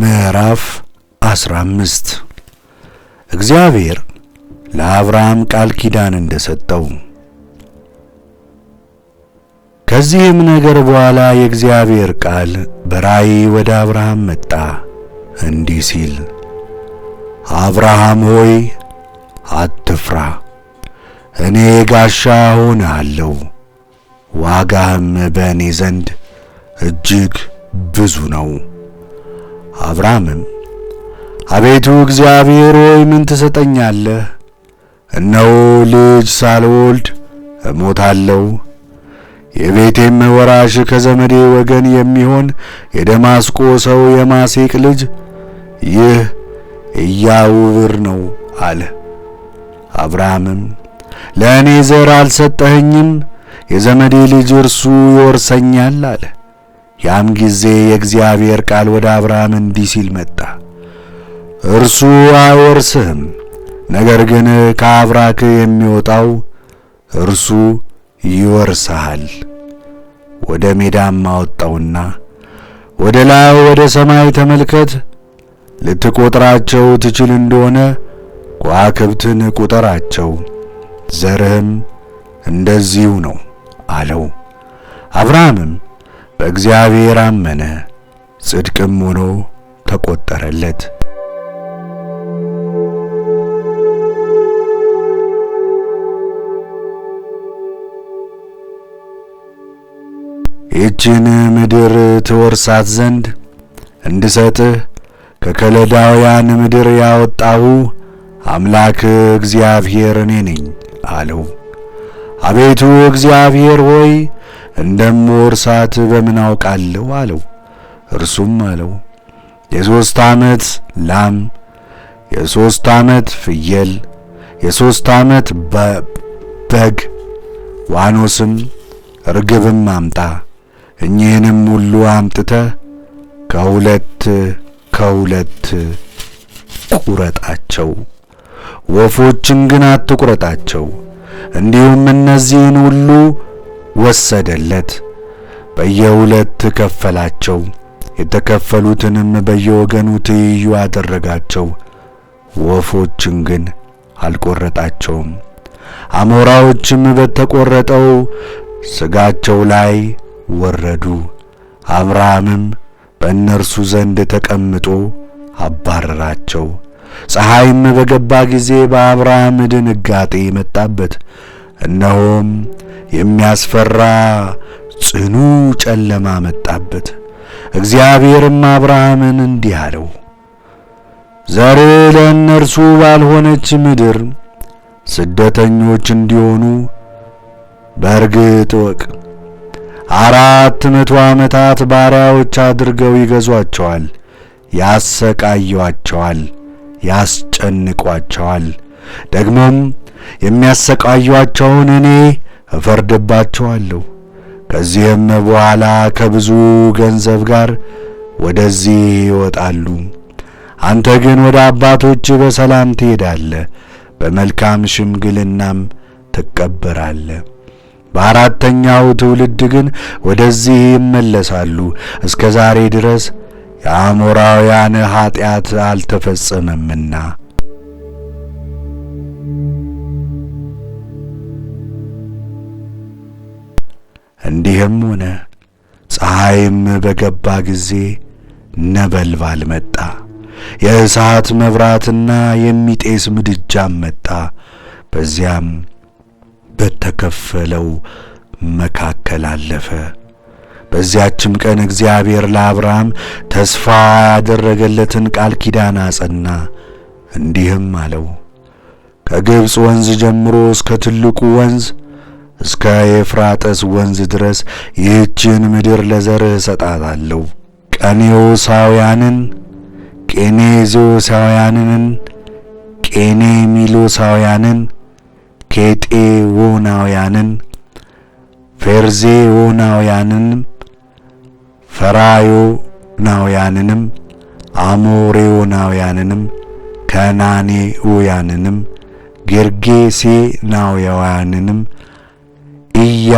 ምዕራፍ 15 እግዚአብሔር ለአብርሃም ቃል ኪዳን እንደሰጠው። ከዚህም ነገር በኋላ የእግዚአብሔር ቃል በራእይ ወደ አብርሃም መጣ እንዲህ ሲል፣ አብርሃም ሆይ አትፍራ፣ እኔ ጋሻ ሆነሃለሁ፣ ዋጋህም በእኔ ዘንድ እጅግ ብዙ ነው። አብርሃምም አቤቱ እግዚአብሔር ሆይ ምን ትሰጠኛለህ? እነሆ ልጅ ሳልወልድ እሞታለሁ። የቤቴም ወራሽ ከዘመዴ ወገን የሚሆን የደማስቆ ሰው የማሴቅ ልጅ ይህ ኢያዕሩብ ነው አለ። አብርሃምም ለእኔ ዘር አልሰጠህኝም የዘመዴ ልጅ እርሱ ይወርሰኛል አለ። ያም ጊዜ የእግዚአብሔር ቃል ወደ አብርሃም እንዲህ ሲል መጣ። እርሱ አይወርስህም፣ ነገር ግን ከአብራክ የሚወጣው እርሱ ይወርስሃል። ወደ ሜዳም አወጣውና ወደ ላይ ወደ ሰማይ ተመልከት፣ ልትቆጥራቸው ትችል እንደሆነ ከዋክብትን ቁጠራቸው፣ ዘርህም እንደዚሁ ነው አለው። አብርሃምም በእግዚአብሔር አመነ፣ ጽድቅም ሆኖ ተቆጠረለት። ይህችን ምድር ትወርሳት ዘንድ እንድሰጥህ ከከለዳውያን ምድር ያወጣሁ አምላክ እግዚአብሔር እኔ ነኝ አለው። አቤቱ እግዚአብሔር ሆይ እንደምወርሳት በምን አውቃለሁ አለው። እርሱም አለው የሦስት ዓመት ላም፣ የሦስት ዓመት ፍየል፣ የሦስት ዓመት በግ፣ ዋኖስም ርግብም አምጣ። እኚህንም ሁሉ አምጥተ ከሁለት ከሁለት ቁረጣቸው፣ ወፎችን ግን አትቁረጣቸው። እንዲሁም እነዚህን ሁሉ ወሰደለት፣ በየሁለት ከፈላቸው። የተከፈሉትንም በየወገኑ ትይዩ አደረጋቸው። ወፎችን ግን አልቆረጣቸውም። አሞራዎችም በተቆረጠው ሥጋቸው ላይ ወረዱ። አብርሃምም በእነርሱ ዘንድ ተቀምጦ አባረራቸው። ፀሐይም በገባ ጊዜ በአብርሃም ድንጋጤ መጣበት። እነሆም የሚያስፈራ ጽኑ ጨለማ መጣበት። እግዚአብሔርም አብርሃምን እንዲህ አለው፣ ዘር ለእነርሱ ባልሆነች ምድር ስደተኞች እንዲሆኑ በእርግጥ እወቅ። አራት መቶ ዓመታት ባሪያዎች አድርገው ይገዟቸዋል፣ ያሰቃዩአቸዋል፣ ያስጨንቋቸዋል። ደግሞም የሚያሰቃዩአቸውን እኔ እፈርድባቸዋለሁ። ከዚህም በኋላ ከብዙ ገንዘብ ጋር ወደዚህ ይወጣሉ። አንተ ግን ወደ አባቶች በሰላም ትሄዳለህ፣ በመልካም ሽምግልናም ትቀበራለህ። በአራተኛው ትውልድ ግን ወደዚህ ይመለሳሉ። እስከ ዛሬ ድረስ የአሞራውያን ኀጢአት አልተፈጸመምና እንዲህም ሆነ፣ ፀሐይም በገባ ጊዜ ነበልባል መጣ፣ የእሳት መብራትና የሚጤስ ምድጃም መጣ። በዚያም በተከፈለው መካከል አለፈ። በዚያችም ቀን እግዚአብሔር ለአብርሃም ተስፋ ያደረገለትን ቃል ኪዳን አጸና። እንዲህም አለው ከግብፅ ወንዝ ጀምሮ እስከ ትልቁ ወንዝ እስከ ኤፍራጥስ ወንዝ ድረስ ይህችን ምድር ለዘርህ እሰጣታለሁ። ቀኔዎሳውያንን፣ ቄኔዞሳውያንን፣ ቄኔ ሚሎሳውያንን፣ ኬጤዎናውያንን፣ ፌርዜዎናውያንንም፣ ፈራዮናውያንንም፣ አሞሬዎናውያንንም፣ ከናኔውያንንም፣ ጌርጌሴናውያንንም you.